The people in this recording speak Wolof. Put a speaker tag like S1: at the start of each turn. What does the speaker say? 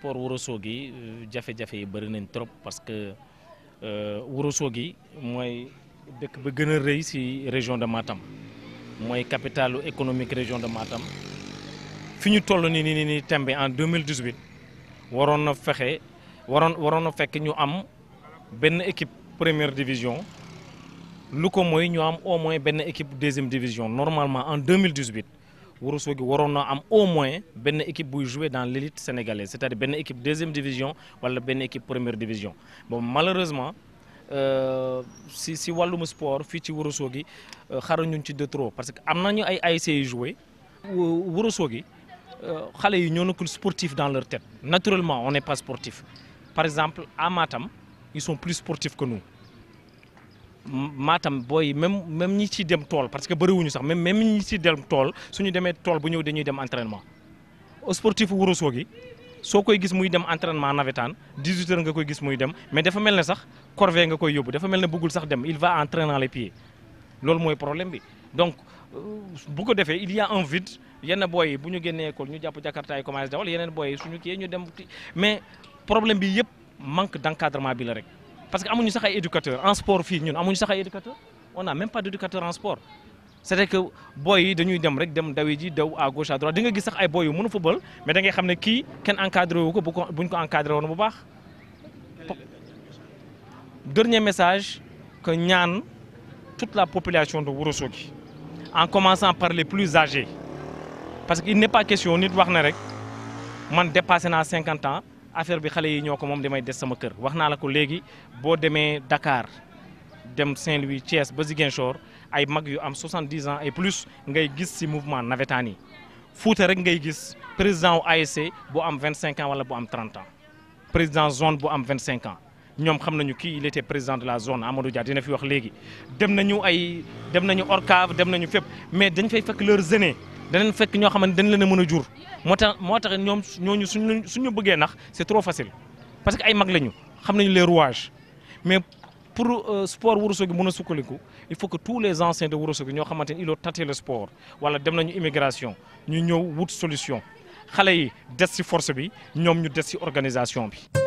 S1: transport Urosogi, j'ai euh, jafé yi bari nañ trop parce que euh, Urosogi, moy est ba gëna reuy région de Matam la capitale économique région de Matam fiñu tollu ni ni ni tembe en 2018 nous na fait une am équipe première division lu ko mooy ñu am au moins équipe deuxième division normalement en 2018 Ourossogui waroon na am au moins une équipe qui jouer dans l'élite sénégalaise c'est-à-dire une équipe deuxième division wala une équipe première division bon malheureusement euh, si si wàllum sport fi ci on euh, xarañuñ ci de trop parce que amna ñu ay de jouer joué Ourossogui euh, xalé yi sportif dans leur tête naturellement on n'est pas sportif par exemple à Matam ils sont plus sportifs que nous Matam boy même même ñi ci dem tool parce que bëriwuñu sax même même ñi ci dem tool suñu démé tool bu ñëw dañuy dem entraînement au sportif Ourossogui gi sokoy gis muy dem entraînement navetane 18 h nga koy gis muy dem mais dafa melni sax corvée nga koy yobbu dafa melni ne bëggul sax dem il va en les pieds lool moy problème bi donc euh, bu ko défé il y a un vide yenn boy yi bu ñu génnee école ñu japp jakarta ay commencé dawal yeneen boy yi suñu ki ñu dem mais problème bi yépp manque d'encadrement bi la rek parce que amuñu sax ay éducateurs en sport fii ñun amuñu sax ay éducateurs on n'a même pas d'éducateur en sport c'est-à-dire que boy yi dañuy dem rek dem dawi ji daw à gauche à droite di nga gis sax ay boy yu mënu football mais da ngay xam qui kii kenn encadré wu ko bu buñ ko encadré woon bu baax. dernier message que ñaan toute la population de Ourossogui en commençant par les plus âgés parce qu'il n'est pas question nit wax que rek man dépassé naa 50 ans affaire bi xalé yi ñoko mom moom dess des sama kër wax naa la ko léegi Dakar dem Saint-Louis Thiès ba Ziguinchor ay mag yu am 70 ans et plus ngay gis ci mouvement navetani. yi rek ngay gis président wu ASC bu am 25 ans wala bu am 30 ans président zone bu am 25 ans ñom xam nañu il était président de la zone Amadou Dia dina fi wax légui dem nañu ay dem nañu Orcave dem nañu fep mais dañ fay fekk leur aînés danañ fekk ñoo xamanteni dañ leen a mën jur motax motax ñom tax suñu suñu bëggé nax c'est trop facile parce que ay mag lañu xamnañu les rouages mais pour euh, sport Ourossogui mën a sukkaliku il faut que tous les anciens de Ourossogui ñoo xamanteni ni ils ont le sport wala dem nañu immigration ñu ñëw wut solution xalé yi dess ci force bi ñom ñu dess ci organisation bi